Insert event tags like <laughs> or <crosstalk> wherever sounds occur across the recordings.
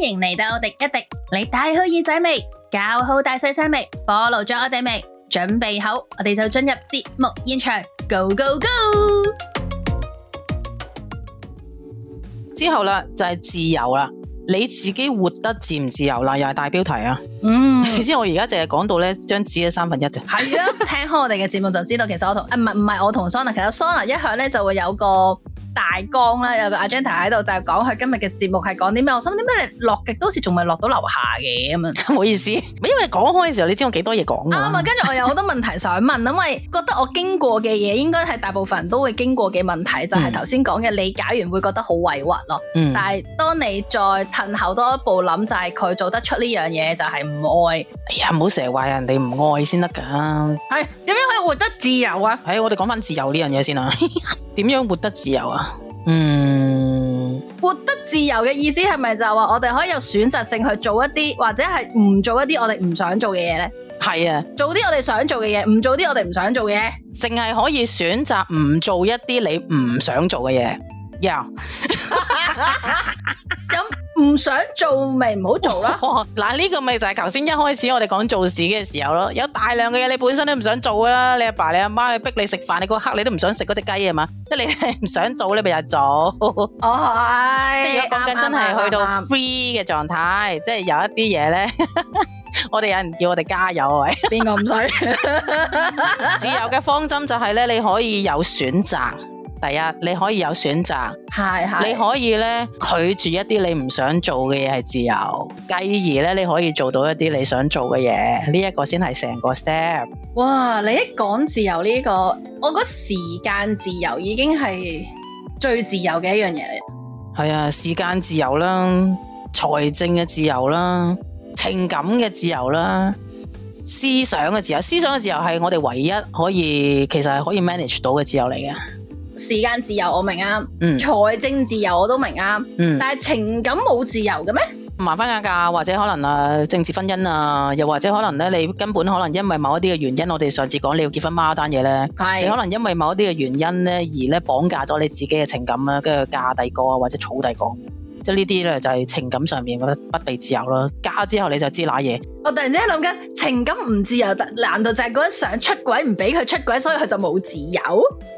歡迎嚟到廸一廸，你帶好耳仔未？搞好大細聲未？暴露咗我哋未？準備好，我哋就進入節目現場，Go Go Go！之後啦，就係自由啦，你自己活得自唔自由啦？又係大標題啊！嗯，你知 <laughs> 我而家淨係講到咧，張紙嘅三分一啫。係啊， <laughs> 聽開我哋嘅節目就知道，其實我同誒唔係唔係我同 Sona，其實 Sona 一向咧就會有個。大綱啦，有個阿 Janta 喺度就講佢今日嘅節目係講啲咩，我心諗點解你落極都好似仲未落到樓下嘅咁啊！唔 <laughs> 好意思，因為講開嘅時候，你知我幾多嘢講啊。跟住我有好多問題想問，因為覺得我經過嘅嘢應該係大部分人都會經過嘅問題，就係頭先講嘅你解完會覺得好委屈咯。但係當你再褪後多一步諗，就係佢做得出呢樣嘢，就係唔愛。哎呀，唔好成日話人哋唔愛先得噶。係，有咩可以活得自由啊？係、哎，我哋講翻自由呢樣嘢先啦、啊。 <laughs> 點樣活得自由啊？嗯，活得自由嘅意思係咪就係話我哋可以有選擇性去做一啲或者係唔做一啲我哋唔想做嘅嘢呢？係啊，做啲我哋想做嘅嘢，唔做啲我哋唔想做嘅嘢，淨係可以選擇唔做一啲你唔想做嘅嘢。Yeah. <laughs> <laughs> 唔想做咪唔好做咯。嗱呢 <laughs> 個咪就係頭先一開始我哋講做事嘅時候咯。有大量嘅嘢你本身都唔想做噶啦。你阿爸，爸你阿媽你逼你食飯，你嗰刻你都唔想食嗰隻雞係嘛？即係你唔想做，你咪日做。哦、 <laughs> oh, is,，即係而家講緊真係去到 free 嘅狀態，即係有一啲嘢咧， <laughs> 我哋有人叫我哋加油喂。邊個唔使？ <laughs> <laughs> 自由嘅方針就係咧，你可以有選擇。第一，你可以有選擇，係係，你可以咧拒絕一啲你唔想做嘅嘢係自由，繼而咧你可以做到一啲你想做嘅嘢，呢一個先係成個 step。哇！你一講自由呢個，我覺得時間自由已經係最自由嘅一樣嘢嚟。係啊，時間自由啦，財政嘅自由啦，情感嘅自由啦，思想嘅自由，思想嘅自由係我哋唯一可以其實係可以 manage 到嘅自由嚟嘅。時間自由我明啊，嗯、財政自由我都明啊，嗯、但係情感冇自由嘅咩？埋翻架價，或者可能啊政治婚姻啊，又或者可能咧你根本可能因為某一啲嘅原因，我哋上次講你要結婚孖單嘢咧，是你可能因為某一啲嘅原因咧而咧綁架咗你自己嘅情感啦，跟住嫁第個啊或者草第個。即係呢啲咧，就係情感上面，覺得不被自由咯。加之後你就知瀨嘢。我突然之間諗緊，情感唔自由，但難道就係嗰個想出軌，唔俾佢出軌，所以佢就冇自由？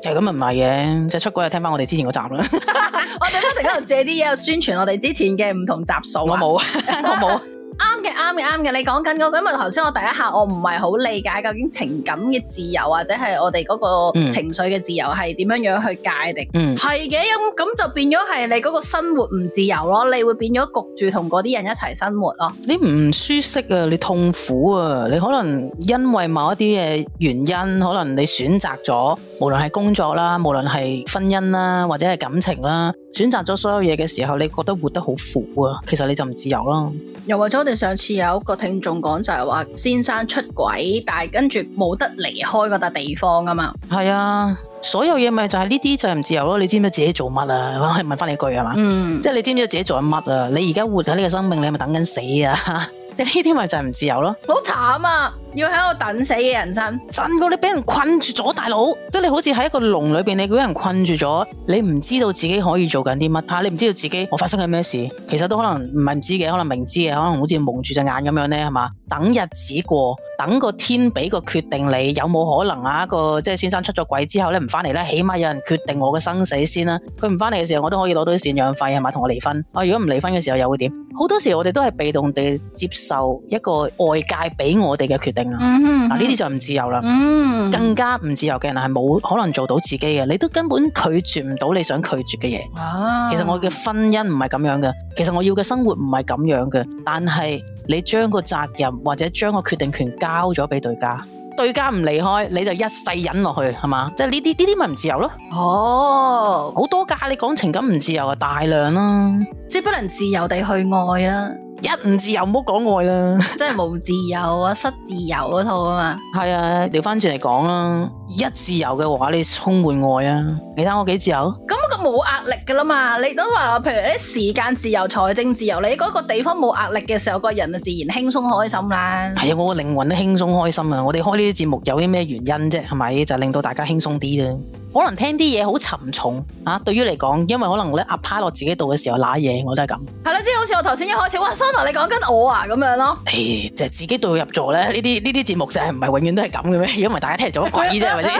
係咁又唔係嘅，即係出軌就聽翻我哋之前嗰集啦。 <laughs> <laughs> 我哋都喺度借啲嘢去宣傳我哋之前嘅唔同集數。我冇，我冇。 <laughs> 啱嘅，啱嘅，啱嘅。你講緊嗰個，因為，頭先我第一下我唔係好理解究竟情感嘅自由或者係我哋嗰個情緒嘅自由係點樣樣去界定？嗯，係嘅，咁咁就變咗係你嗰個生活唔自由咯。你會變咗焗住同嗰啲人一齊生活咯。你唔舒適啊，你痛苦啊，你可能因為某一啲嘅原因，可能你選擇咗，無論係工作啦，無論係婚姻啦，或者係感情啦，選擇咗所有嘢嘅時候，你覺得活得好苦啊，其實你就唔自由咯。又或者我哋上次有一個聽眾講就係話先生出軌，但係跟住冇得離開嗰笪地方啊嘛。係啊，所有嘢咪就係呢啲就係唔自由咯。你知唔知自己做乜啊？我可以問翻你句係嘛？嗯，即係你知唔知自己做緊乜啊？你而家活喺呢個生命，你係咪等緊死啊？ <laughs> 你呢啲咪就係唔自由咯，好慘啊！要喺度等死嘅人生，真個你俾人困住咗，大佬即係你好似喺一個籠裏面，你俾人困住咗，你唔知道自己可以做緊啲乜？你唔知道自己我發生緊咩事，其實都可能唔係唔知嘅，可能明知嘅，可能好似蒙住隻眼咁樣咧，係嘛？等日子過。等個天俾個決定你，有冇可能啊？一個即係先生出咗軌之後咧，唔翻嚟咧，起碼有人決定我嘅生死先啦。佢唔翻嚟嘅時候，我都可以攞到啲贍養費，係咪同我離婚？我、啊、如果唔離婚嘅時候，又會點？好多時候我哋都係被動地接受一個外界俾我哋嘅決定、mm hmm. 啊。嗱，呢啲就唔自由啦。Mm hmm. 更加唔自由嘅人係冇可能做到自己嘅，你都根本拒絕唔到你想拒絕嘅嘢。Oh. 其實我嘅婚姻唔係咁樣嘅，其實我要嘅生活唔係咁樣嘅，但係。你將個責任或者將個決定權交咗俾對家，對家唔離開，你就一世忍落去，係嘛？即係呢啲呢啲咪唔自由咯？哦、oh.，好多架。你講情感唔自由啊，大量啦、啊，即係不能自由地去愛啦。一唔自由，唔好講愛啦， <laughs> 真係冇自由啊，失自由嗰套啊嘛。係 <laughs> 啊，調翻轉嚟講啊。一自由嘅話，你充滿愛啊。你睇我幾自由？咁個冇壓力噶啦嘛，你都話譬如啲時間自由、財政自由，你嗰個地方冇壓力嘅時候，個人自然輕鬆開心啦。係 <laughs> 啊，我個靈魂都輕鬆開心啊！我哋開呢啲節目有啲咩原因啫？係咪就是、令到大家輕鬆啲啊？可能聽啲嘢好沉重嚇、啊，對於嚟講，因為可能咧壓、啊、趴落自己度嘅時候，嗱嘢我都係咁。係啦，即係好似我頭先一開始，哇！Sona 你講緊我啊咁樣咯。誒， <music> 就係、 <music> 哎、自己對號入座咧，呢啲呢啲節目就係唔係永遠都係咁嘅咩？如果唔係，大家聽嚟做乜鬼啫？係咪先？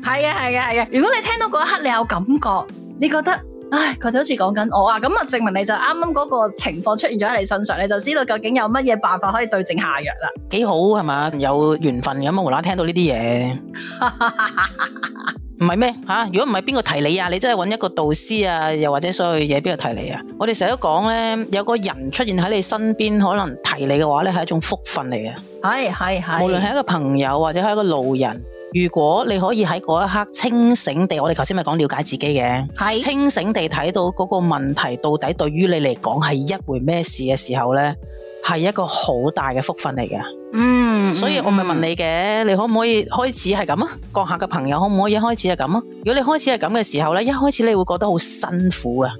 係嘅，係嘅，係嘅。如果你聽到嗰一刻你有感覺，你覺得。唉，佢哋好似講緊我啊，咁啊證明你就啱啱嗰個情況出現咗喺你身上，你就知道究竟有乜嘢辦法可以對症下藥啦。幾好係嘛，有緣分咁啊，無啦聽到呢啲嘢，唔係咩吓？如果唔係邊個提你啊？你真係揾一個導師啊，又或者所有嘢邊個提你啊？我哋成日都講呢：有個人出現喺你身邊，可能提你嘅話呢，係一種福分嚟嘅。係係係，無論係一個朋友或者係一個路人。如果你可以喺嗰一刻清醒地，我哋頭先咪講了解自己嘅，是清醒地睇到嗰個問題到底對於你嚟講係一回咩事嘅時候呢，係一個好大嘅福分嚟嘅。嗯，所以我咪問你嘅，嗯，你可唔可以開始係咁啊？閣下嘅朋友可唔可以開始係咁啊？如果你開始係咁嘅時候呢，一開始你會覺得好辛苦啊，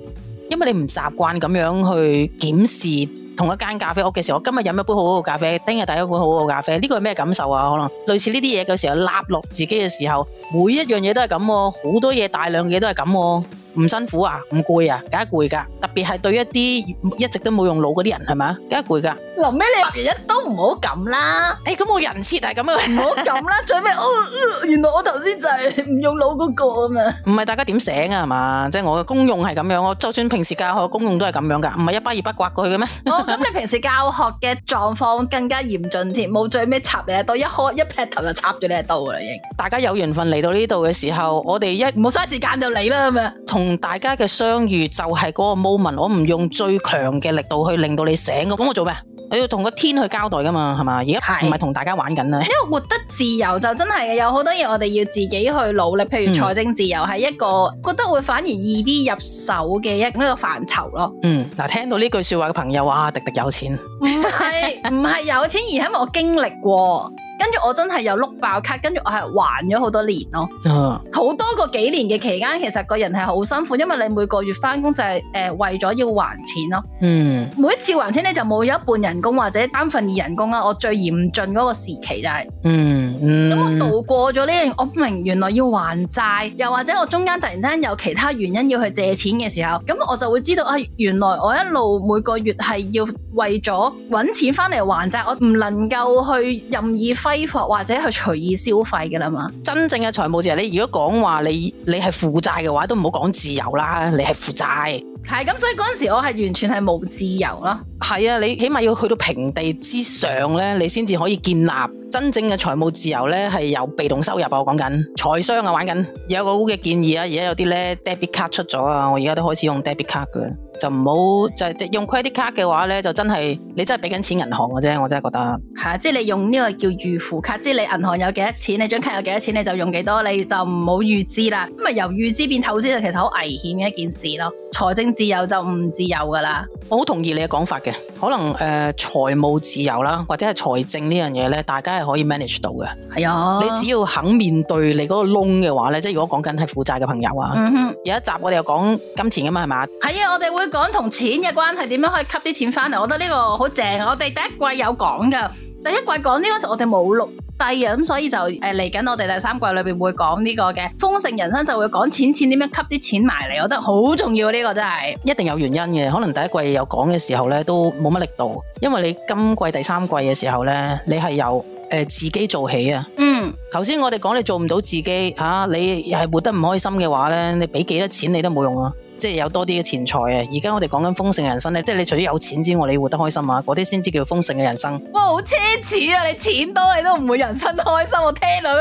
因為你唔習慣咁樣去檢視。同一間咖啡屋嘅時候，我今日飲一杯好好嘅咖啡，聽日飲一杯好好嘅咖啡，呢個係咩感受啊？可能類似呢啲嘢嘅時候，揦落自己嘅時候，每一樣嘢都係咁啊，好多嘢大量嘢都係咁啊，唔辛苦啊，唔攰啊，梗係攰㗎。特別係對一啲一直都冇用腦嗰啲人係咪啊？梗係攰㗎。臨尾你插人一刀唔好撳啦！哎，咁我人設係咁啊，唔好撳啦！最尾哦哦，原來我頭先就係唔用腦嗰個啊嘛！唔係大家點醒啊嘛？即係我嘅功用係咁樣，我就算平時教學功用都係咁樣噶，唔係一巴二巴刮過去嘅咩？哦，咁你平時教學嘅狀況更加嚴峻啲，冇最尾插你一刀，一開一劈頭就插住你一刀啦已經。大家有緣份嚟到呢度嘅時候，我哋一唔好嘥時間就嚟啦咁啊！同大家嘅相遇就係嗰個 moment，我唔用最強嘅力度去令到你醒，咁我做咩？你要同個天去交代㗎嘛，係嘛？而家唔係同大家玩緊啊！因為活得自由就真係嘅，有好多嘢我哋要自己去努力。譬如財政自由係一個覺得會反而易啲入手嘅一一個範疇咯。嗯，嗱，聽到呢句説話嘅朋友啊，廸廸有錢？唔係，唔係有錢而係因為我經歷過。 <laughs> 跟住我真係又碌爆卡，跟住我係還咗好多年咯，好、啊、多個幾年嘅期間，其實個人係好辛苦，因為你每個月翻工就係、是、誒、呃、為咗要還錢咯，嗯，每一次還錢你就冇咗一半人工或者三份二人工啊，我最嚴峻個時期就係、是嗯，嗯咁我度過咗呢樣，我明原來要還債，又或者我中間突然間有其他原因要去借錢嘅時候，咁我就會知道啊、哎，原來我一路每個月係要為咗揾錢翻嚟還債，我唔能夠去任意揮。揮霍或者係隨意消費嘅啦嘛，真正嘅財務自由，你如果講話你你係負債嘅話，都唔好講自由啦，你係負債係咁，所以嗰陣時我係完全係冇自由咯。係啊，你起碼要去到平地之上咧，你先至可以建立真正嘅財務自由咧，係有被動收入啊。我講緊財商啊，玩緊有個好嘅建議啊，而家有啲咧 debit 卡出咗啊，我而家都開始用 debit 卡噶。就唔好就即係用 credit 卡嘅話咧，就真係你真係俾緊錢銀行嘅啫，我真係覺得。吓、啊，即係你用呢個叫預付卡，即係你銀行有幾多錢，你張卡有幾多錢，你就用幾多，你就唔好預支啦。咁啊由預支變透支就其實好危險嘅一件事咯。財政自由就唔自由噶啦。我好同意你嘅講法嘅，可能誒財務自由啦，或者係財政呢樣嘢咧，大家係可以 manage 到嘅。係啊，你只要肯面對你嗰個窿嘅話咧，即係如果講緊係負債嘅朋友啊，有、嗯、哼一集我哋又講金錢噶嘛，係嘛？係啊，我哋會。講同錢嘅關係點樣可以吸啲錢翻嚟？我覺得呢個好正。我哋第一季有講噶，第一季講呢個時候我哋冇錄低啊，咁所以就誒嚟緊我哋第三季裏邊會講呢個嘅豐盛人生就會講錢，錢點樣吸啲錢埋嚟？我覺得好重要，呢個真係一定有原因嘅，可能第一季有講嘅時候呢都冇乜力度，因為你今季第三季嘅時候呢，你係由誒、呃、自己做起啊。嗯，頭先我哋講你做唔到自己吓、啊，你係活得唔開心嘅話呢，你俾幾多錢你都冇用啊。即係有多啲嘅錢財啊！而家我哋講緊豐盛人生咧，即係你除咗有錢之外，你活得開心啊！嗰啲先至叫豐盛嘅人生。哇！好奢侈啊！你錢多你都唔會人生開心，我聽到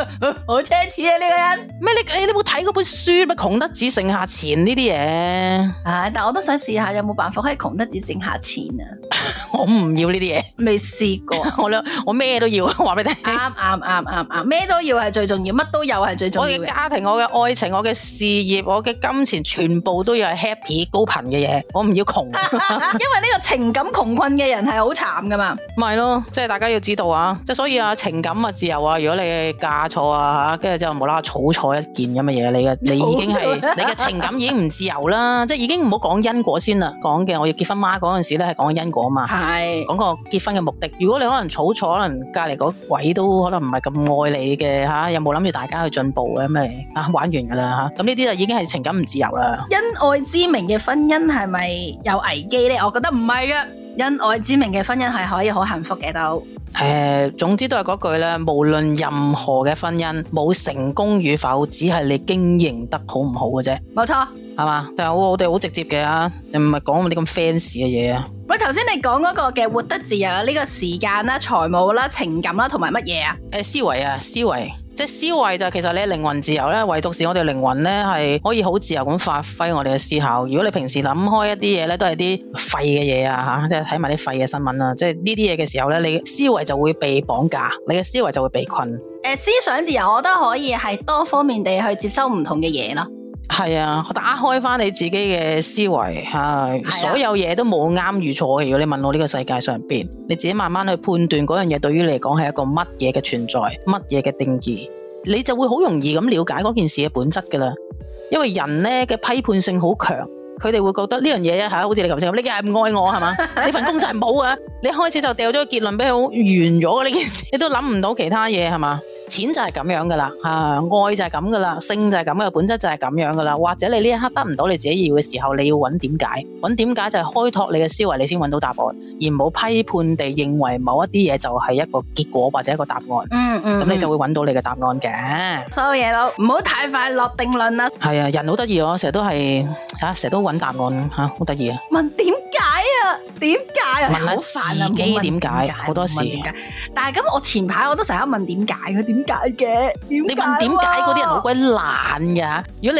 好奢侈啊！呢個人咩？你你冇睇嗰本書咩？窮得只剩下錢呢啲嘢。啊！但我都想試下有冇辦法可以窮得只剩下錢啊！我唔要呢啲嘢，未試過 <laughs> 我。我兩我咩都要，話俾你聽。啱啱啱啱啱，咩、嗯嗯嗯、都要係最重要，乜都有係最重要。我嘅家庭、我嘅愛情、我嘅事業、我嘅金錢，全部都要係 happy、高頻嘅嘢。我唔要窮， <laughs> <laughs> 因為呢個情感窮困嘅人係好慘噶嘛。咪咯， <laughs> 即係 <laughs> 大家要知道啊！即係所以啊，情感啊自由啊，如果你嫁錯啊跟住之後就無啦草錯一件咁嘅嘢，你嘅你已經係 <laughs> 你嘅情感已經唔自由啦。即、就、係、是、已經唔好講因果先啦，講嘅我要結婚媽嗰陣時咧係講因果啊嘛。 <laughs> 講個結婚嘅目的，如果你可能坐坐可能隔籬嗰位都可能唔係咁愛你嘅吓，有冇諗住大家去進步嘅咁咪啊玩完噶啦吓，咁呢啲就已經係情感唔自由啦。恩愛之名嘅婚姻係咪有危機咧？我覺得唔係噶，恩愛之名嘅婚姻係可以好幸福嘅都。誒，總之都係嗰句咧，無論任何嘅婚姻冇成功與否，只係你經營得好唔好嘅啫。冇錯，係嘛？就係我哋好直接嘅啊，你唔係講啲咁 fans 嘅嘢啊。頭先你講嗰個嘅活得自由啊，呢個時間啦、財務啦、情感啦，同埋乜嘢啊？誒、呃，思維啊，思維，即係思維就其實你嘅靈魂自由咧，唯獨是我哋靈魂咧係可以好自由咁發揮我哋嘅思考。如果你平時諗開一啲嘢咧，都係啲廢嘅嘢啊吓，即係睇埋啲廢嘅新聞啊，即係呢啲嘢嘅時候咧，你思維就會被綁架，你嘅思維就會被困。誒、呃，思想自由我都可以係多方面地去接收唔同嘅嘢咯。係啊，打開翻你自己嘅思維吓，啊啊、所有嘢都冇啱與錯。如果你問我呢個世界上邊，你自己慢慢去判斷嗰樣嘢對於你嚟講係一個乜嘢嘅存在，乜嘢嘅定義，你就會好容易咁了解嗰件事嘅本質噶啦。因為人咧嘅批判性好強，佢哋會覺得呢樣嘢一下好似你頭先咁，你梗係唔愛我係嘛？ <laughs> 你份工就係冇啊！你開始就掉咗個結論俾佢完咗啊！呢件事你都諗唔到其他嘢係嘛？錢就係咁樣噶啦，吓、啊、愛就係咁噶啦，性就係咁嘅，本質就係咁樣噶啦，或者你呢一刻得唔到你自己要嘅時候，你要揾點解？揾點解就係開拓你嘅思維，你先揾到答案，而唔好批判地認為某一啲嘢就係一個結果或者一個答案。嗯嗯。咁、嗯嗯、你就會揾到你嘅答案嘅。所有嘢都唔好太快落定論啦。係啊，人好得意喎，成日都係吓，成、啊、日都揾答案吓，好得意啊。問點解啊？點解係好煩啊！冇問點解，好多事。但係咁，我前排我都成日問點解，佢點解嘅？你問點解嗰啲人好鬼懶嘅吓！如果你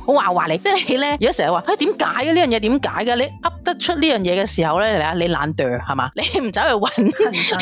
冇話話你，即係咧，如果成日話誒點解啊？呢樣嘢點解嘅？你噏得出呢樣嘢嘅時候咧，你睇下，你懶惰係嘛？你唔走去搵，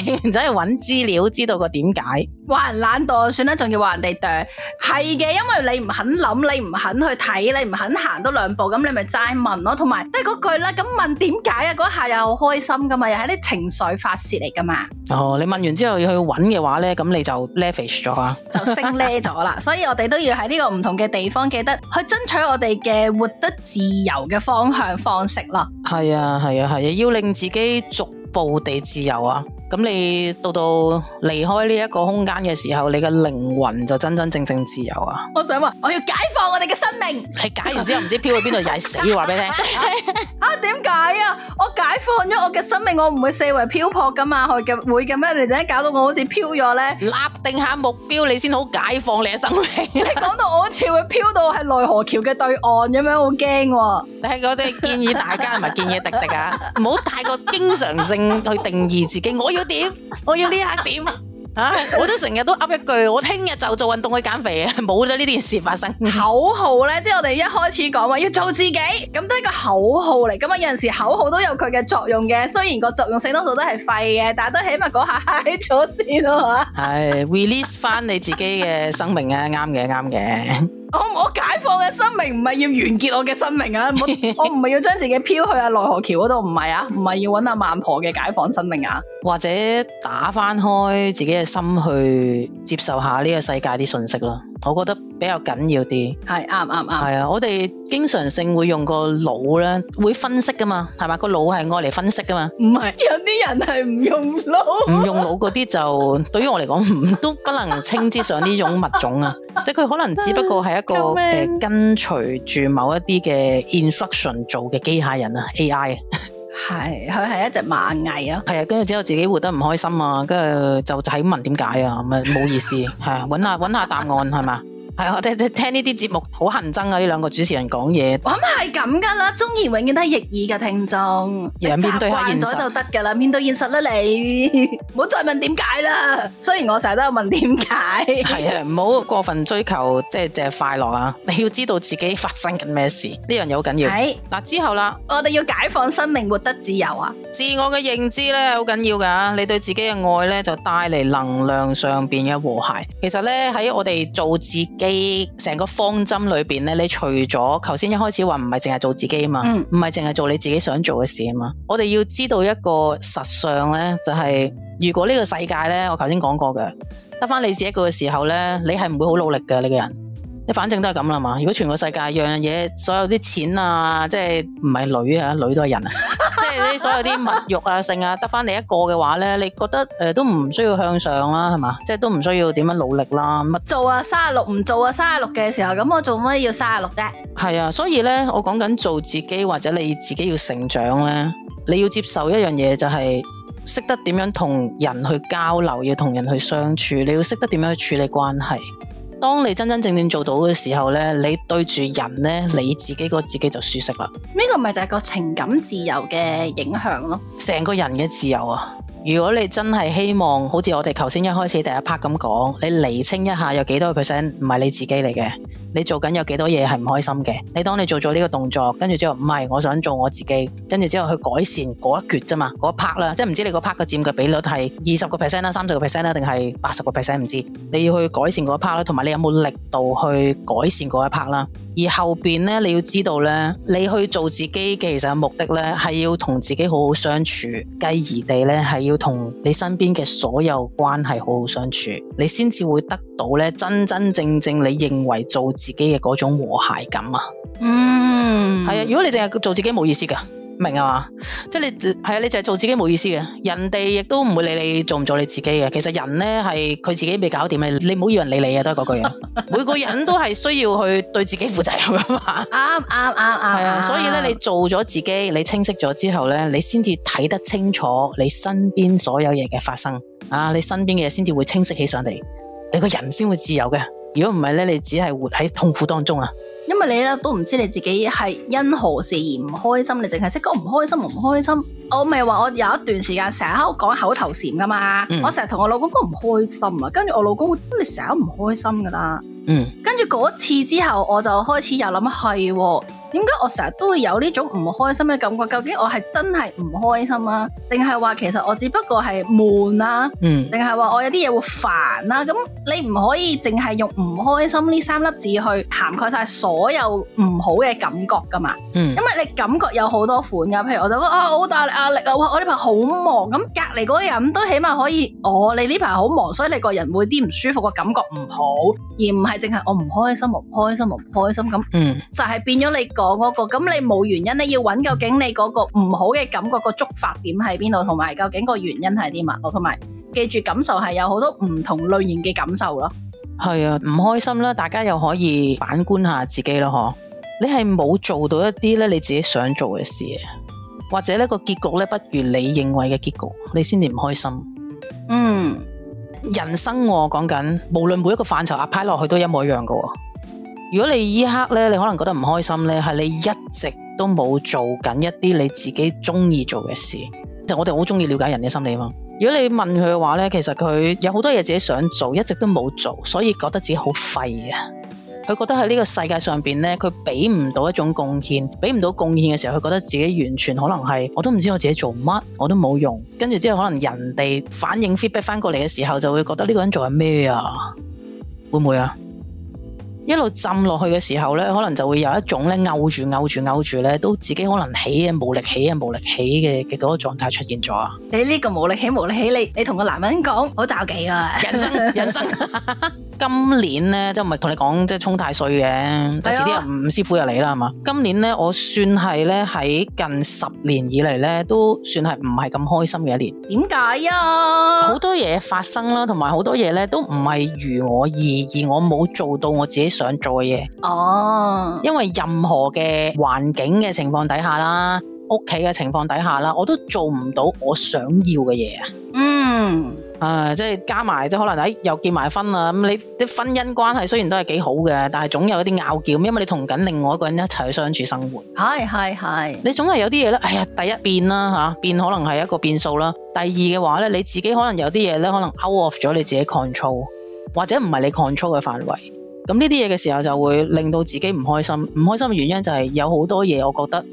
你唔走去搵資料，知道個點解？話人懶惰算啦，仲要話人哋懶，係嘅，因為你唔肯諗，你唔肯去睇，你唔肯行多兩步，咁你咪齋問咯。同埋都係嗰句啦，咁問點解啊？嗰下又～又開心噶嘛，又係啲情緒發泄嚟噶嘛。哦，你問完之後要去揾嘅話呢，咁你就 leverage 咗啦、啊， <laughs> 就升咧咗啦。所以我哋都要喺呢個唔同嘅地方，記得去爭取我哋嘅活得自由嘅方向方式咯。係 <laughs> 啊，係啊，係啊，係啊，要令自己逐步地自由啊。咁你到到離開呢一個空間嘅時候，你嘅靈魂就真真正正自由啊！我想話，我要解放我哋嘅生命。你 <laughs> 解完之後唔知飄去邊度， <laughs> 又係死！話俾你聽， <laughs> <laughs> 啊點解啊？我解放咗我嘅生命，我唔會四圍漂泊噶嘛，佢嘅會嘅你陣間搞到我好似飄咗咧？立定下目標，你先好解放你嘅生命、啊。你講到我好似會飄到係奈何橋嘅對岸咁樣，好驚喎！係我哋建議大家係咪建議廸廸啊，唔好 <laughs> 太過經常性去定義自己。我要。點？我要呢一刻點啊！唉，我都成日都噏一句，我聽日就做運動去減肥嘅，冇咗呢件事發生。 <laughs> 口號咧，即係我哋一開始講話要做自己，咁都係個口號嚟。咁啊，有陣時口號都有佢嘅作用嘅，雖然個作用性多數都係廢嘅，但係都起碼嗰下嗨咗啲咯，係 <laughs> 係 release 翻你自己嘅生命啊！啱嘅， <laughs> 啱嘅。我解放嘅生命唔係要完結我嘅生命啊！ <laughs> 我我唔係要將自己飄去阿奈何橋嗰度，唔係啊，唔係要揾阿孟婆嘅解放生命啊，或者打返開自己嘅心去接受下呢個世界啲信息咯。我覺得比較緊要啲，係啱啱啱，係啊！我哋經常性會，用個腦咧，會分析噶嘛，係嘛？個腦係愛嚟分析噶嘛？唔係，有啲人係唔用腦，啊，唔用腦嗰啲就 <laughs> 對於我嚟講，唔都不能稱之上呢種物種啊！ <laughs> 即係佢可能只不過係一個誒跟隨住某一啲嘅 instruction 做嘅機械人啊，AI。 <laughs> 係，佢係一隻螞蟻咯。係啊，跟住之後自己活得唔開心啊，跟住就就喺咁問點解啊，咪冇意思，係啊，搵下， <laughs> 搵下答案係嘛。係我哋聽呢啲節目好恨憎啊！呢兩個主持人講嘢，咁係咁噶啦，中意永遠都係逆耳嘅聽眾。嗯、面對在現實，習慣咗就得噶啦，面對現實啦，你唔好 <laughs> 再問點解啦。雖然我成日都有問點解，係啊 <laughs> 唔好過分追求即係即係快樂啊！你要知道自己發生緊咩事，呢樣嘢好緊要。嗱之的後啦，我哋要解放生命，活得自由啊！自我嘅認知咧好緊要噶，你對自己嘅愛咧就帶嚟能量上邊嘅和諧。其實咧喺我哋做自己，你成個方針裏邊咧，你除咗頭先一開始話唔係淨係做自己啊嘛，嗯，唔係淨係做你自己想做嘅事啊嘛，我哋要知道一個實相咧，就係如果呢個世界咧，我頭先講過嘅，得翻你自己一個嘅時候咧，你係唔會好努力嘅，你個人。你反正都係咁啦嘛，如果全個世界樣樣嘢，所有啲錢啊，即係唔係女啊，女都係人啊， <laughs> 即係你所有啲物欲啊、性啊，得翻你一個嘅話咧，你覺得誒、呃、都唔需要向上啦，係嘛？即係都唔需要點樣努力啦。做啊，三十六唔做啊，三十六嘅時候，咁我做乜要三十六啫？係啊，所以咧，我講緊做自己或者你自己要成長咧，你要接受一、就係、樣嘢就係識得點樣同人去交流，要同人去相處，你要識得點樣去處理關係。當你真真正正做到嘅時候呢，你對住人呢，你自己個自己就舒適啦。呢個咪就係個情感自由嘅影響咯，成個人嘅自由啊！如果你真係希望，好似我哋頭先一開始第一 part 咁講，你厘清一下有幾多個 percent 唔係你自己嚟嘅。你做緊有幾多嘢係唔開心嘅？你當你做咗呢個動作，跟住之後唔係，我想做我自己，跟住之後去改善嗰一橛啫嘛，嗰一 part 啦，即係唔知你個 part 嘅佔嘅比率係二十個 percent 啦，三十個 percent 啦，定係八十個 percent 唔知，你要去改善嗰一 part 啦，同埋你有冇力度去改善嗰一 part 啦？而後邊咧，你要知道咧，你去做自己嘅，其實目的咧係要同自己好好相處，繼而地咧係要同你身邊嘅所有關係好好相處，你先至會得到咧真真正正你認為做自己嘅嗰種和諧感啊！嗯，係啊，如果你淨係做自己，冇意思噶。明啊嘛，即係你係啊，你就係做自己冇意思嘅，人哋亦都唔會理你做唔做你自己嘅。其實人咧係佢自己未搞掂你，你唔好以為人理你啊，都係嗰句嘢。 <laughs> 每個人都係需要去對自己負責任㗎嘛，啱啱啱啱。係、嗯、啊、嗯， <laughs> 所以咧，你做咗自己，你清晰咗之後咧，你先至睇得清楚你身邊所有嘢嘅發生啊，你身邊嘅嘢先至會清晰起上嚟，你個人先會自由嘅。如果唔係咧，你只係活喺痛苦當中啊。因為你咧都唔知你自己係因何事而唔開心，你淨係識講唔開心唔開心。我咪話我，我有一段時間成日喺度講口頭禪噶嘛，嗯、我成日同我老公講唔開心啊，跟住我老公，你成日都唔開心噶啦。嗯，跟住嗰次之後我就開始又諗係。點解我成日都會有呢種唔開心嘅感覺？究竟我係真係唔開心啊，定係話其實我只不過係悶啊？定係話我有啲嘢會煩啦、啊？咁你唔可以淨係用唔開心呢三粒字去涵蓋晒所有唔好嘅感覺噶嘛？嗯，因為你感覺有好多款噶，譬如我就講啊，我好大壓力啊，我呢排好忙，咁隔籬嗰個人都起碼可以，哦，你呢排好忙，所以你個人會啲唔舒服嘅感覺唔好，而唔係淨係我唔開心、唔開心、唔開心咁，就係變咗你。講嗰個，咁你冇原因，你要揾究竟你嗰個唔好嘅感覺個觸發點喺邊度，同埋究竟個原因係啲乜？好，同埋記住感受係有好多唔同類型嘅感受咯。係啊，唔開心啦，大家又可以反觀下自己咯，嗬？你係冇做到一啲咧你自己想做嘅事，或者呢個結局咧不如你認為嘅結局，你先至唔開心。嗯，人生我講緊，無論每一個範疇壓派落去都一模一樣噶。如果你依刻咧，你可能覺得唔開心咧，係你一直都冇做緊一啲你自己中意做嘅事。即我哋好中意了解人嘅心理嘛。如果你問佢嘅話咧，其實佢有好多嘢自己想做，一直都冇做，所以覺得自己好廢啊。佢覺得喺呢個世界上邊咧，佢俾唔到一種貢獻，俾唔到貢獻嘅時候，佢覺得自己完全可能係，我都唔知我自己做乜，我都冇用。跟住之後可能人哋反應 feedback 翻過嚟嘅時候，就會覺得呢個人做緊咩啊？會唔會啊？一路浸落去嘅時候咧，可能就會有一種咧，勾住勾住勾住咧，都自己可能起啊，冇力起啊，冇力起嘅嘅嗰個狀態出現咗啊。你呢個無理起無理起，你你同個男人講好詐忌啊！人 <laughs> 生人生，人生 <laughs> 今年呢，即係唔係同你講，即係沖太歲嘅，但係遲啲阿吳師傅又嚟啦，係嘛？今年呢，我算係呢，喺近十年以嚟呢，都算係唔係咁開心嘅一年。點解啊？好多嘢發生啦，同埋好多嘢呢都唔係如我意，而我冇做到我自己想做嘅嘢。哦，因為任何嘅環境嘅情況底下啦。屋企嘅情況底下啦，我都做唔到我想要嘅嘢啊。嗯，啊，即係加埋，即可能喺、哎、又結埋婚啦。咁你啲婚姻關係雖然都係幾好嘅，但係總有一啲拗撬，因為你同緊另外一個人一齊去相處生活。係係係。你總係有啲嘢咧。哎呀，第一變啦嚇，變可能係一個變數啦。第二嘅話咧，你自己可能有啲嘢咧，可能 out of 咗你自己 control，或者唔係你 control 嘅範圍。咁呢啲嘢嘅時候就會令到自己唔開心。唔開心嘅原因就係有好多嘢，我覺得。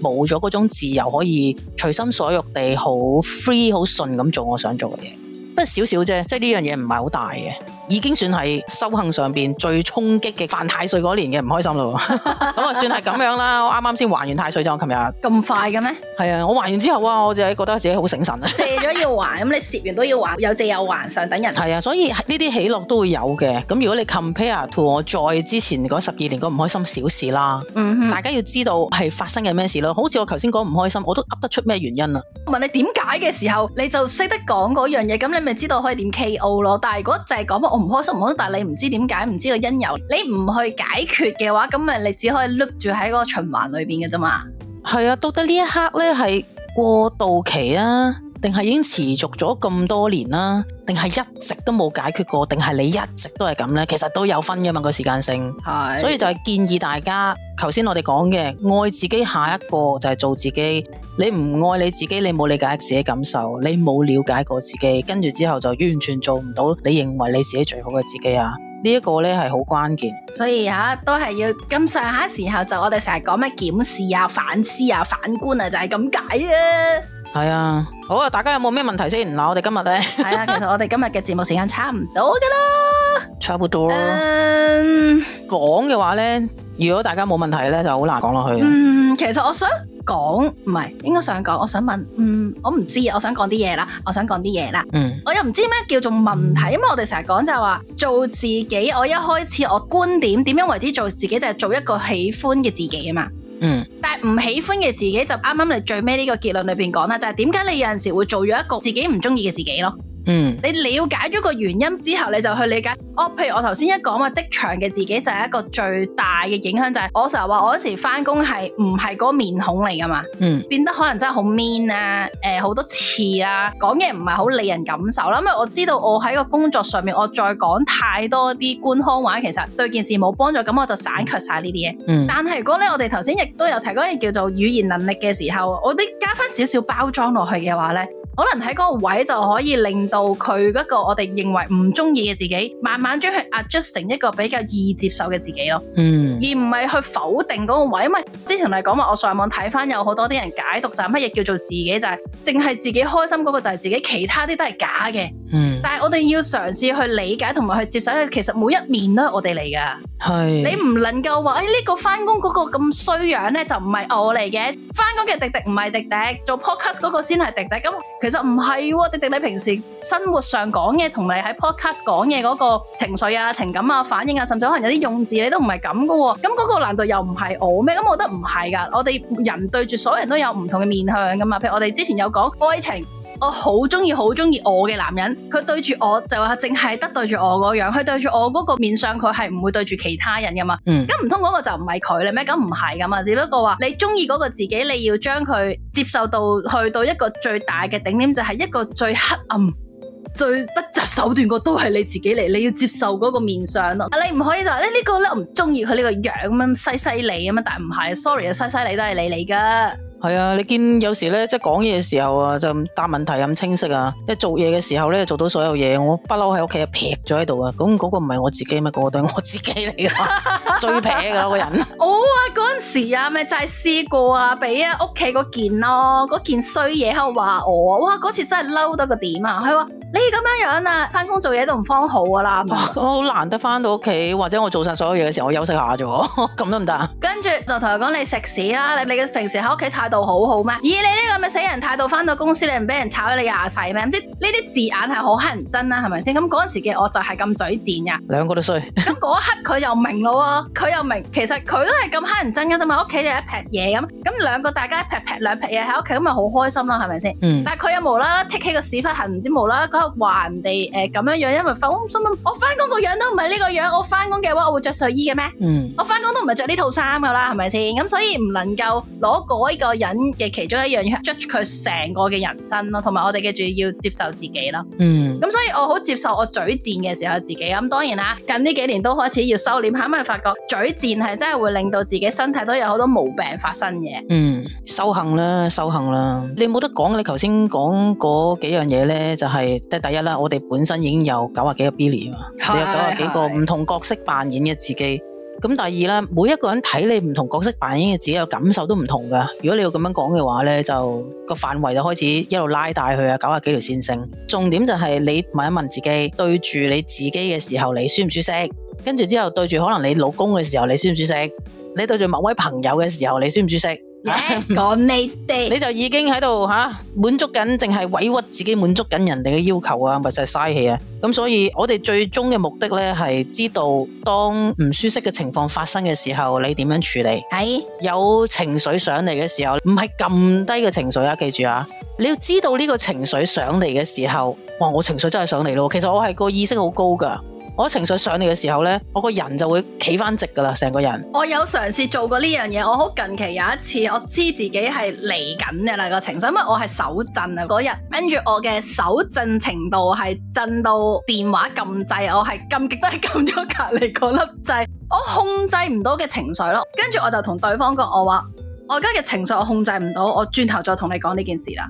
冇咗嗰種自由，可以隨心所欲地好 free、好順噉做我想做嘅嘢，不過少少啫，即係呢樣嘢唔係好大嘅。已經算係修行上邊最衝擊嘅犯太歲嗰年嘅唔開心咯 <laughs> <laughs> ，咁啊算係咁樣啦。我啱啱先還完太歲，就我琴日咁快嘅咩？係啊，我還完之後啊，我就係覺得自己好醒神啊。借咗要還，咁 <laughs> 你蝕完都要還，有借有還，上等人係啊，所以呢啲喜樂都會有嘅。咁如果你 compare to 我再之前嗰十二年嗰唔開心小事啦，嗯、哼大家要知道係發生緊咩事咯。好似我頭先講唔開心，我都噏得出咩原因啊？問你點解嘅時候，你就識得講嗰樣嘢，咁你咪知道可以點 KO 咯。但係如果就係講我唔開心，唔開心，但係你唔知點解，唔知個因由，你唔去解決嘅話，咁咪你只可以碌住喺個循環裏邊嘅啫嘛。係啊，到底呢一刻咧係過渡期啊，定係已經持續咗咁多年啦，啊？定係一直都冇解決過，定係你一直都係咁呢？其實都有分㗎嘛，個時間性。係是。所以就係建議大家，頭先我哋講嘅愛自己，下一個就係做自己。你唔愛你自己，你冇理解自己感受，你冇了解過自己，跟住之後就完全做唔到你認為你自己最好嘅自己啊！呢一個呢係好關鍵。所以吓都係要咁上下時候，就我哋成日講咩檢視啊、反思啊、反觀啊，就係咁解啊。係啊，好啊，大家有冇咩問題先？嗱，我哋今日咧，係 <laughs> 啊，其實我哋今日嘅節目時間差唔多噶啦，差唔多。嗯，講嘅話咧，如果大家冇問題咧，就好難講落去。嗯，其實我想講，唔係，應該想講，我想問，嗯，我唔知我想講啲嘢啦，我想講啲嘢啦。我想嗯，我又唔知咩叫做問題，因為、嗯、我哋成日講就係話做自己，我一開始我觀點點樣為之做自己，就係、是、做一個喜歡嘅自己啊嘛。嗯，但係唔喜歡嘅自己就啱啱你最尾呢個結論裏邊講啦，就係點解你有陣時會做咗一個自己唔中意嘅自己咯。嗯，你了解咗個原因之後，你就去理解。我、哦、譬如我頭先一講嘛，職場嘅自己就係一個最大嘅影響，就係、是、我成日話我嗰時翻工係唔係嗰個面孔嚟噶嘛。嗯，變得可能真係好 mean 啦，誒、呃、好多刺啦、啊，講嘢唔係好理人感受啦。因為我知道我喺個工作上面，我再講太多啲官腔話，其實對件事冇幫助，咁我就省卻晒呢啲嘢。嗯、但係如果咧，我哋頭先亦都有提嗰樣叫做語言能力嘅時候，我哋加翻少，少少包裝落去嘅話咧。可能喺嗰個位就可以令到佢嗰個我哋認為唔中意嘅自己，慢慢將佢 adjust 成一個比較易接受嘅自己咯。嗯，而唔係去否定嗰個位，因為之前嚟講話，我上網睇返有好多啲人解讀就係乜嘢叫做自己，就係淨係自己開心嗰個就係自己，其他啲都係假嘅。嗯，但係我哋要嘗試去理解同埋去接受佢，其實每一面都係我哋嚟噶。係你唔能夠話誒呢個翻工嗰個咁衰樣咧，就唔係我嚟嘅。翻工嘅迪迪唔係迪迪，做 podcast 嗰個先係迪迪。咁其實唔係喎，迪迪你平時生活上講嘢，同埋喺 podcast 講嘢嗰個情緒啊、情感啊、反應啊，甚至可能有啲用字你都唔係咁噶。咁嗰個難度又唔係我咩？咁我覺得唔係噶，我哋人對住所有人都有唔同嘅面向噶嘛。譬如我哋之前有講愛情。我好中意好中意我嘅男人，佢對住我就話淨係得對住我嗰樣，佢對住我嗰個面相，佢係唔會對住其他人噶嘛。咁唔通嗰個就唔係佢喇咩？咁唔係噶嘛，只不過話你中意嗰個自己，你要將佢接受到去到一個最大嘅頂點，就係一個最黑暗、最不擇手段個都係你自己嚟，你要接受嗰個面相咯。你唔可以就話呢個咧唔中意佢呢個樣咁樣犀犀利咁樣，但唔係，sorry，犀犀利都係你嚟噶。係啊，你見有時咧，即係講嘢嘅時候啊，就答問題咁清晰啊，一做嘢嘅時候咧，做到所有嘢，我、那個、不嬲喺屋企啊，劈咗喺度啊，咁嗰個唔係我自己咪，嗰、嗰個都係我自己嚟 <laughs> 啊，最撇噶啦，個人。哦啊，嗰陣時啊，咪就係試過啊，俾啊屋企嗰件咯、哦，嗰件衰嘢喺度話我，哇，嗰次真係嬲得個點啊，佢話你咁樣樣啊，翻工做嘢都唔方好噶啦。我好難得翻到屋企，或者我做晒所有嘢嘅時候，我休息下啫，咁都唔得。跟住就同佢講，你食屎啦，你你嘅平時喺屋企態度好好咩？以你呢個嘅死人態度翻到公司，你唔俾人炒咗你廿世咩？唔知呢啲字眼係好乞人憎啦，係咪先？咁嗰時嘅我就係咁嘴賤呀。兩個都衰。咁 <laughs> 嗰一刻佢又明咯，佢又明，其實佢都係咁乞人憎㗎，咋嘛？屋企就一劈嘢咁，咁兩個大家劈劈兩劈嘢喺屋企，咁咪好開心咯，係咪先？嗯、但係佢又無啦啦剔起個屎忽痕，唔知無啦啦講話人哋誒咁樣樣，因為發心諗，我翻工個樣都唔係呢個樣，我翻工嘅話我會着睡衣嘅咩？嗯、我翻工都唔係着呢套衫噶啦，係咪先？咁所以唔能夠攞嗰個。人嘅其中一樣嘢 judge 佢成個嘅人生咯，同埋我哋嘅住要接受自己咯。嗯，咁所以我好接受我嘴賤嘅時候自己。咁當然啦，近呢幾年都開始要收斂，係咪發覺嘴賤係真係會令到自己身體都有好多毛病發生嘅？嗯，修行啦，修行啦，你冇得講。你頭先講嗰幾樣嘢咧，就係即係第一啦，我哋本身已經有九啊幾個 Billy r 嘛是，你有九啊幾個唔同角色扮演嘅自己。咁第二呢，每一個人睇你唔同角色扮演嘅自己嘅感受都唔同噶。如果你要咁樣講嘅話呢，就、那個範圍就開始一路拉大去啊，九下幾條線性。重點就係你問一問自己，對住你自己嘅時候，你舒唔舒適？跟住之後對住可能你老公嘅時候，你舒唔舒適？你對住某位朋友嘅時候，你舒唔舒適？講你哋， <laughs> 你就已經喺度吓滿足緊，淨係委屈自己，滿足緊人哋嘅要求啊，咪就係嘥氣啊。咁所以，我哋最終嘅目的呢，係知道當唔舒適嘅情況發生嘅時候，你點樣處理？係是有情緒上嚟嘅時候，唔係撳低嘅情緒啊！記住啊，你要知道呢個情緒上嚟嘅時候，哇！我情緒真係上嚟咯，其實我係個意識好高噶。我情緒上嚟嘅時候呢，我個人就會企翻直噶啦，成個人。我有嘗試做過呢樣嘢，我好近期有一次，我知自己係嚟緊嘅啦個情緒，因為我係手震啊嗰日，跟住我嘅手震程度係震到電話撳掣，我係撳極都係撳咗隔離嗰粒掣，我控制唔到嘅情緒咯。跟住我就同對方講我話，我而家嘅情緒我控制唔到，我轉頭再同你講呢件事啦。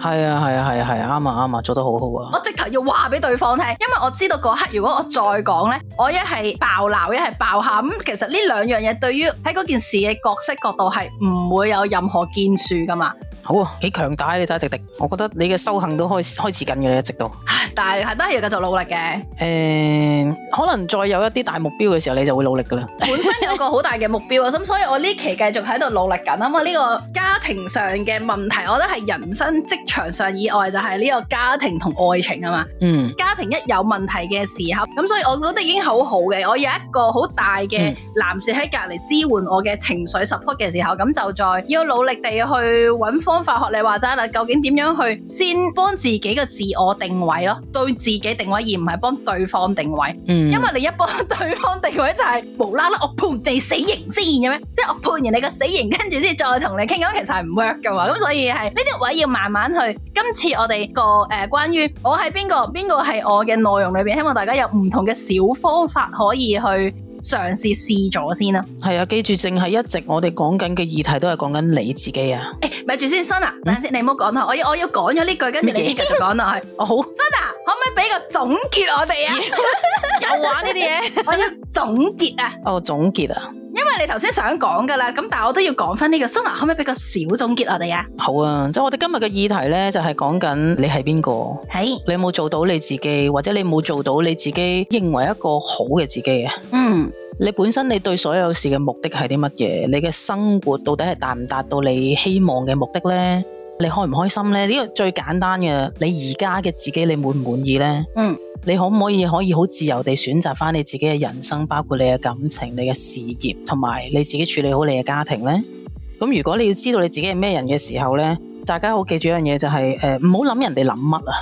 係啊係啊係啊係啊，啱啊啱啊,啊,啊，做得好好啊！我直頭要話俾對方聽，因為我知道嗰刻如果我再講咧，我一係爆鬧一係爆喊，其實呢兩樣嘢對於喺嗰件事嘅角色角度係唔會有任何建樹㗎嘛。好啊，幾強大啊！你睇下迪迪，我覺得你嘅修行都開開始緊嘅咧，一直都。但係都係要繼續努力嘅。誒，可能再有一啲大目標嘅時候，你就會努力噶啦。本身有個好大嘅目標啊，咁所以我呢期繼續喺度努力緊啊嘛。呢個家庭上嘅問題，我覺得係人生職場上以外，就係呢個家庭同愛情啊嘛。嗯。家庭一有問題嘅時候，咁所以我覺得已經好好嘅。我有一個好大嘅男士喺隔籬支援我嘅情緒 support 嘅時候，咁就再要努力地去揾。方法學你話齋啦，究竟點樣去先幫自己個自我定位咯？對自己定位而唔係幫對方定位，嗯、因為你一幫對方定位就係、是、無啦啦，我判你死刑先嘅咩？即係我判完你個死刑，跟住先再同你傾咁，其實係唔 work 噶嘛？咁所以係呢啲位要慢慢去。今次我哋個誒關於我係邊個，邊個係我嘅內容裏邊，希望大家有唔同嘅小方法可以去。嘗試試咗先啦，啊，係啊，記住淨係一直我哋講緊嘅議題都係講緊你自己啊！誒、欸，咪住先，Sona，等先，你唔好講啦，我我要講咗呢句，跟住你先講啦，係，我好，Sona，可唔可以俾個總結我哋啊？ <laughs> <laughs> 又玩呢啲嘢， <laughs> 我要總結啊！哦，oh, 總結啊！你頭先想講噶啦，咁但係我都要講翻呢個。sona 可唔可以俾個小總結我哋啊？好啊，即係我哋今日嘅議題呢，就係講緊你係邊個？係 Hey. 你有冇做到你自己，或者你冇做到你自己認為一個好嘅自己啊？嗯，mm. 你本身你對所有事嘅目的係啲乜嘢？你嘅生活到底係達唔達到你希望嘅目的呢？你開唔開心呢？呢、呢個最簡單嘅，你而家嘅自己你滿唔滿意呢？嗯。Mm. 你可唔可以可以好自由地選擇返你自己嘅人生，包括你嘅感情、你嘅事業，同埋你自己處理好你嘅家庭呢？咁如果你要知道你自己係咩人嘅時候呢，大家好記住一樣嘢就係，誒唔好諗人哋諗乜啊，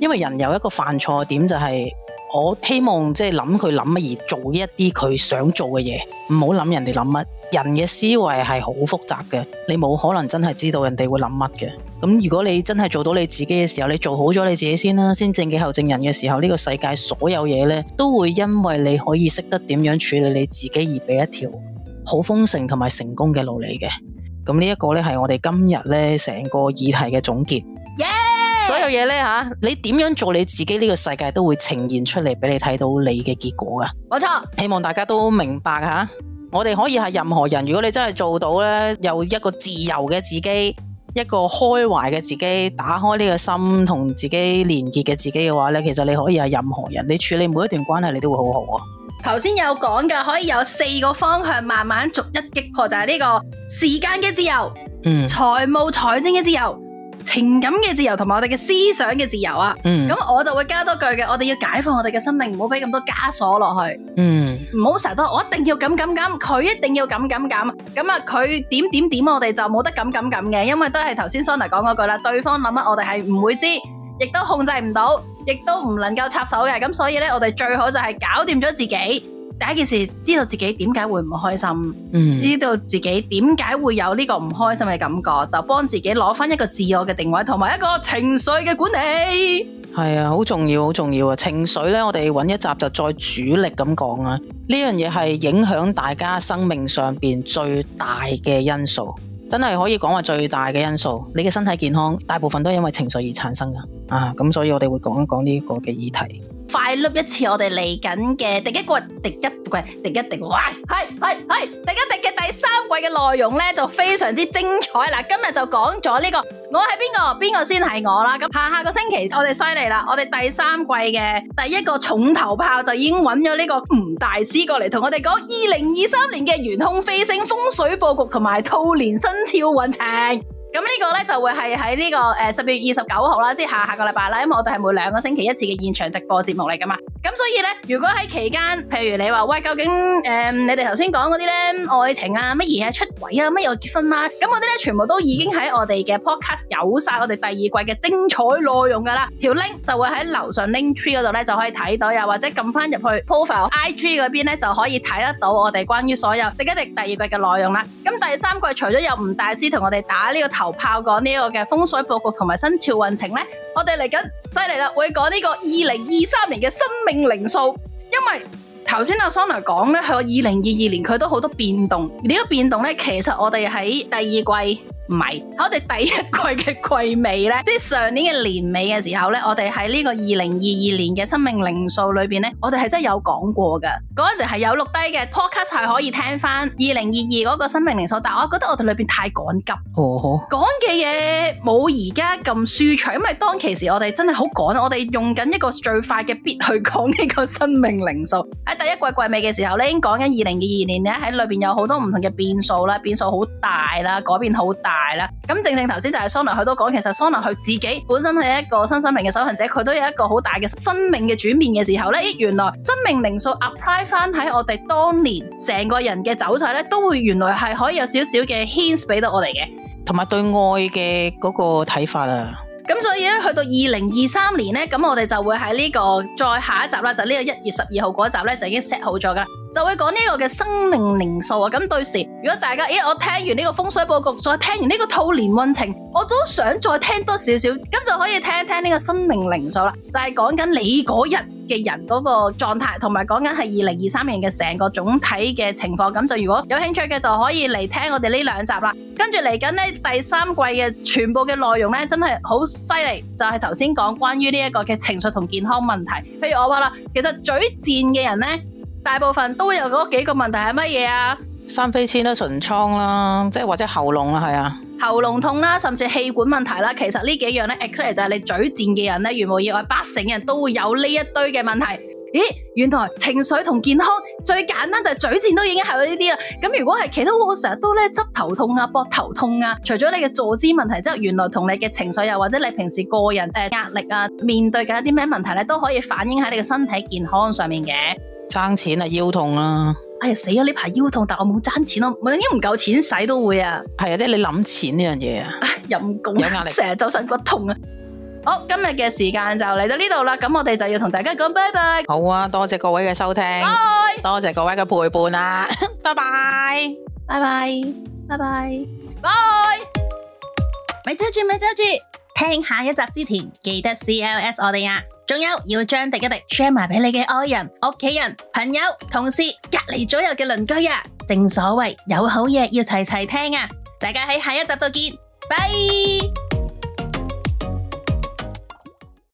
因為人有一個犯錯的點就係。我希望即係諗佢諗乜而做一啲佢想做嘅嘢，唔好諗人哋諗乜。人嘅思維係好複雜嘅，你冇可能真係知道人哋會諗乜嘅。咁如果你真係做到你自己嘅時候，你做好咗你自己先啦，啊，先正己後正人嘅時候，呢，呢個世界所有嘢呢，都會因為你可以識得點樣處理你自己而俾一條好豐盛同埋成功嘅路嚟嘅。咁呢一個呢，係我哋今日呢成個議題嘅總結。Yeah! 所有嘢咧嚇，你點樣做你自己，呢個世界都會呈現出嚟，俾你睇到你嘅結果啊！冇錯，希望大家都明白吓，我哋可以係任何人。如果你真係做到咧，有一個自由嘅自己，一個開懷嘅自己，打開呢個心同自己連結嘅自己嘅話咧，其實你可以係任何人。你處理每一段關係，你都會好好。頭先有講嘅，可以有四個方向慢慢逐一擊破，就係呢個時間嘅自由，嗯，財務財政嘅自由。情感嘅自由同埋我哋嘅思想嘅自由啊，咁我就會加多句嘅，我哋要解放我哋嘅生命，唔好俾咁多枷鎖落去，唔好成日都我一定要咁咁咁，佢一定要咁咁咁，咁啊佢點點點我哋就冇得咁咁咁嘅，因為都係頭先 Sona 講嗰句啦，對方諗乜我哋係唔會知，亦都控制唔到，亦都唔能夠插手嘅，咁所以咧我哋最好就係搞掂咗自己。第一件事，知道自己點解會唔開心，嗯、知道自己點解會有呢個唔開心嘅感覺，就幫自己攞返一個自我嘅定位，同埋一個情緒嘅管理，係啊，好重要，好重要啊！情緒呢，我哋揾一集就再主力咁講啊！呢樣嘢係影響大家生命上邊最大嘅因素，真係可以講話最大嘅因素。你嘅身體健康大部分都係因為情緒而產生噶，啊咁，所以我哋會講一講呢個嘅議題。快捋一次我哋嚟緊嘅第一季、第一季、第一季，哇！係係係，第一季嘅第三季嘅內容呢就非常之精彩。嗱，今日就講咗呢個，我係邊個，邊個先係我啦。咁下下個星期我哋犀利啦，我哋第三季嘅第一個重頭炮就已經揾咗呢個吳大師過嚟同我哋講二零二三年嘅玄空飛升風水布局同埋兔年生肖運程。咁呢個咧，就會係喺呢個呃、十二月二十九號啦，之下下個禮拜啦，因為我哋係每兩個星期一次嘅現場直播節目嚟噶嘛，咁所以咧，如果喺期間，譬如你話喂，究竟，呃、你哋頭先講嗰啲咧，愛情啊、乜嘢出軌啊、乜又結婚啦，啊，咁嗰啲咧，全部都已經喺我哋嘅 podcast 有晒我哋第二季嘅精彩內容噶啦，條 link 就會喺樓上 link tree 嗰度咧就可以睇到，又或者撳翻入去 profile IG 嗰邊咧就可以睇得到我哋關於所有迪嘉迪第二季嘅內容啦。咁第三季除咗有吳大師同我哋打呢，這個。投炮講呢個嘅風水布局同埋生肖運程呢，我哋嚟緊犀利啦，會講呢個二零二三年嘅生命靈數，因為頭先阿 Sona 講咧，佢二零二二年佢都好多變動，呢個變動呢，其實我哋喺第二季。唔係，我哋第一季嘅季尾咧，即係上年嘅年尾嘅時候咧，我哋喺呢個二零二二年嘅生命零數裏邊咧，我哋係真係有講過嘅，嗰陣時係有錄低嘅 podcast，係可以聽翻二零二二嗰個生命零數，但係我覺得我哋裏邊太趕急，講嘅嘢冇而家咁舒暢，因為當其時我哋真係好趕，我哋用緊一個最快嘅必去講呢個生命零數。喺第一季季尾嘅時候咧，已經講緊二零二二年咧，喺裏邊有好多唔同嘅變數啦，變數好大啦，改變好大。大啦，咁正正頭先就係 Sona 佢都講，其實 Sona 佢自己本身係一個新生命嘅修行者，佢都有一個好大嘅生命嘅轉變嘅時候咧，原來生命靈數 apply 翻喺我哋當年成個人嘅走勢咧，都會原來係可以有少少嘅 hints 俾到我哋嘅，同埋對愛嘅嗰個睇法啊。咁所以咧，去到二零二三年咧，咁我哋就會喺呢、呢個再下一集啦，就是、個呢個一月十二號嗰集咧，就已經 set 好咗㗎。就會講呢個嘅生命靈數啊，咁到時，如果大家，咦，我聽完呢個風水布局，再聽完呢個兔年運程，我都想再聽多少少，咁就可以聽一聽呢個生命靈數啦，就係講緊你嗰日嘅人嗰個狀態，同埋講緊係二零二三年嘅成個總體嘅情況，咁就如果有興趣嘅就可以嚟聽我哋呢兩集啦，跟住嚟緊咧第三季嘅全部嘅內容咧，真係好犀利，就係頭先講關於呢一個嘅情緒同健康問題，譬如我話啦，其實嘴賤嘅人呢。大部分都有嗰幾個問題？係乜嘢啊？生痱滋啦，唇瘡啦，即係或者喉嚨啦，係啊，喉嚨痛啦，甚至氣管問題啦。其實呢幾樣咧，exactly 就係你嘴賤嘅人咧，如無意外八成人都會有呢一堆嘅問題。咦，原來情緒同健康最簡單就係嘴賤都已經係有呢啲啦。咁如果係其他我成日都咧，側頭痛啊，膊頭痛啊，除咗你嘅坐姿問題之外，原來同你嘅情緒又或者你平時個人誒壓力啊，面對緊一啲咩問題咧，都可以反映喺你嘅身體健康上面嘅。爭錢啊腰痛啦！哎呀死咗呢排腰痛，但係我冇爭錢咯，唔係都唔夠錢使都會啊！係啊，即係你諗錢呢樣嘢啊，有壓力，成日周身骨痛啊！好，今日嘅時間就嚟到呢度啦，咁我哋就要同大家講拜拜。好啊，多謝各位嘅收聽。拜，多謝各位嘅陪伴啊！拜拜，拜拜，拜拜，拜。咪執住，咪執住。聽下一集之前，記得 C L S 我哋啊，仲有要將廸一廸 share 埋俾你嘅愛人、屋企人、朋友、同事、隔籬左右嘅鄰居啊！正所謂有好嘢要齊齊聽啊！大家喺下一集度見，拜。